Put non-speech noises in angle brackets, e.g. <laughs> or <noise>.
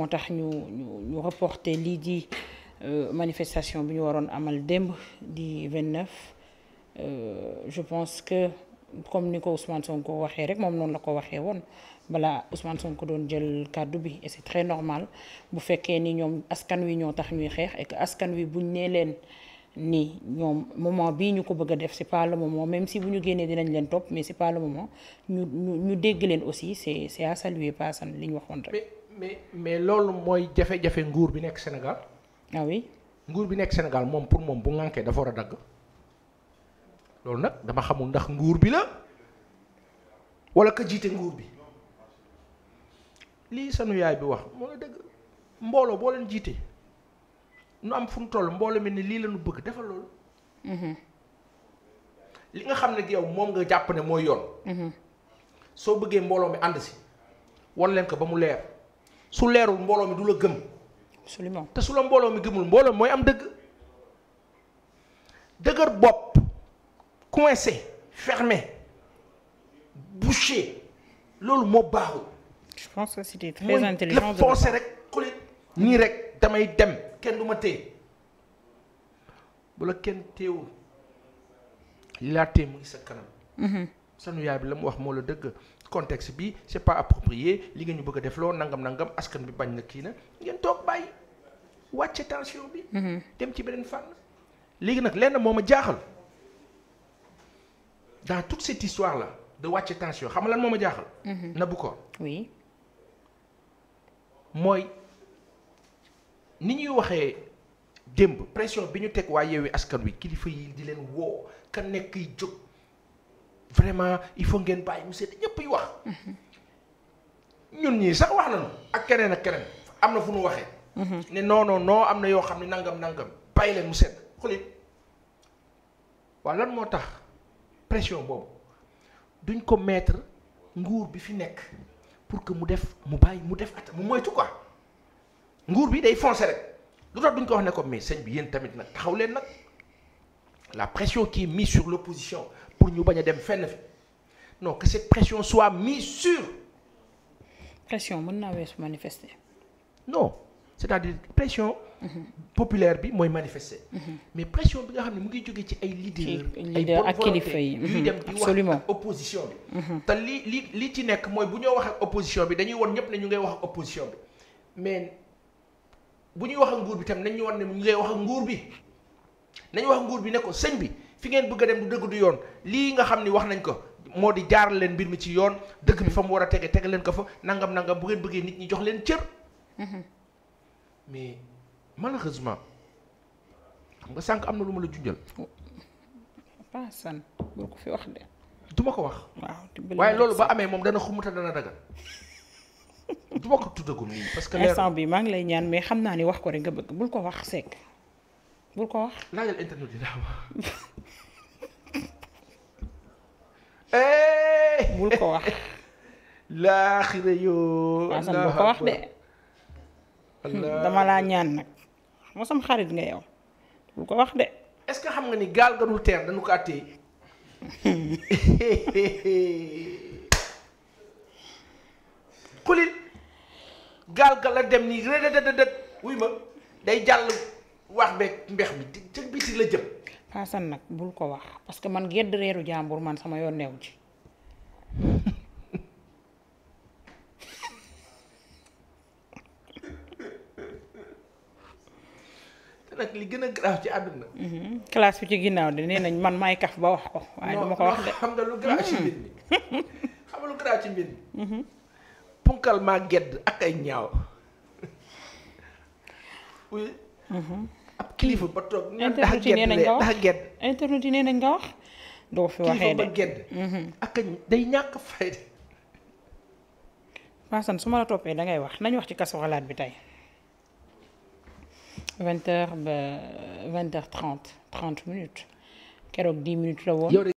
moo tax ñu ñu ñu reporté lii di euh, manifestation bi ñu waroon amal démb di 29 euh, je pense que comme ni ko son Sonko waxee rek moom noonu la ko waxee woon balaa Ousmane Sonko doon jël kàddu bi et c'est très normal bu fekkee ni ñoom askan wi ñoo tax ñuy xeex et askan wi buñ nee leen ni ñoom moment bii ñu ko bëgg a def c'est pas le moment même si bu ñu génnee dinañ leen topp mais c'est pas le moment ñu ñu dégg leen aussi c'est c'est à saluer pas li ñu waxoon rek. mais mais loolu mooy jafe-jafe nguur bi nekk senegal ah nguur bi nekk senegal moom pour moom bu ngànkee dafa war a dagg loolu nag dama xamul ndax nguur bi la wala ka jiite nguur bi lii sanu yaay bi wax moo la dëgg mbooloo boo leen jiite nu am fu mu toll mbooloo mi ne lii la ñu bëgg defal loolu. Mm-hmm. li nga xam ne yow moom nga jàpp ne mooy yoon. Mm-hmm. soo bëggee mbooloo mi ànd si wan leen ko ba mu leer. su leerul mbooloo mi du la gëm. absolument te su la mbooloo mi gëmul mbooloo mooy am dëgg dëgër bopp coincé fermé bouché loolu moo baaxul. je pense que rek xooli nii rek damay dem kenn du ma téye bu la kenn téewul li laa téye mu ngi sa kanam. Mhm. sanu yaay bi la mu wax moo la dëgg. contexte bi c'est pas approprié li nga ñu bëgg a def loo nangam nangam askan bi bañ na kii na ngeen toog bàyyi wàcce tension bi. Mhm. dem ci beneen fànn. léegi nag lenn moo ma jaaxal dans toute cette histoire là de wàcce tension xam nga lan moo ma jaaxal. Mhm. na bu ko. oui. mooy ni ñuy waxee démb pression bi ñu teg waa yeewi askan wi kilifa yi di leen woo ka nekk yi jóg. vraiment il faut ngeen bàyyi mu seet ñëpp yi wax. ñun ñii sax wax nañu ak keneen ak keneen am na fu nu waxee. Mhm. ne non noo am na yoo xam ne nangam nangam bàyyi leen mu seet xulit waaw lan moo tax pression boobu duñ ko mettre nguur bi fi nekk pour que mu def mu bàyyi mu def at mu moytu quoi nguur bi day foncer rek lu tax duñ ko wax ne ko mais bi yéen tamit nag taxaw leen nag. la pression kii est mise sur l'opposition pour ñu bañ a dem fenn fi non que cette pression soit mise sur. pression mën naa weesu manifester. non c'est-à-dire pression. Mm -hmm. populaire bi mooy manifester. Mm -hmm. mais pression bi nga xam ne mu ngi jóge ci ay leaders. ay bonne volonté yuy dem opposition bi. Mhm. te li li li ci nekk mooy bu ñoo wax ak opposition bi dañuy won ñëpp ne ñu ngay wax ak opposition bi mais bu ñuy wax ak nguur bi tam nañ ñu won ne ñu ngay wax ak nguur bi. nañ wax nguur bi ne ko sëñ bi fi ngeen bëgg dem du dëgg du yoon lii nga xam ni wax nañ ko moo di jaaral leen mbir mi ci yoon dëgg mi fa mu war a tege tege leen ko fa nangam nangam bu ngeen bëggee nit ñi jox leen cër. Mhm. mais malheureusement xam nga sànq am na lu ma la junjal. waaw san boo ko wax de. ma ko wax. waaw waaye loolu ba amee moom dana xumuta dana dagal. du ma ko tuddagum nii que. instant bi maa ngi lay ñaan mais xam naa ni wax ko rek nga bëgg bul ko wax sekk. bul ko wax. laajal internet yi daaw. <laughs> bul ko wax. <laughs> laaxira yoo. waaw sax bul ko wax de. dama laa ñaan nag. moo sam xarit nga yow. bul ko wax de. est-ce que xam nga ni gaal ga dul teer dañu ko àttee. xulil <laughs> gaal ga la dem nii rëdd wuy ma day jàll. wax beeg mbex bi ci biti la jëm. Fassane nag bul ko wax parce que man gedd reeru jàmbur man sama yoon neew ji nag li gën a grave ci àdduna. Mhm. classe bi ci ginnaaw de nee nañ man maay kaf ba wax ko waaye duma ko wax de. xam nga lu grave mhm. <laughs> ci mbir mi xam nga lu grave ci mbir mi. punkal maa gedd ak ay ñaaw. Mhm. kilifa ba toog. internet yi nee nañ nga wax internet yi nee nañ nga wax. doo fi waxee de kilifa ba mhm. day ñàkk fay de. Fassane su ma la toppee da ngay wax nañ wax ci kasu xalaat bi tey. vingt heures ba vingt heures trente trente minutes keroog dix minutes la woon.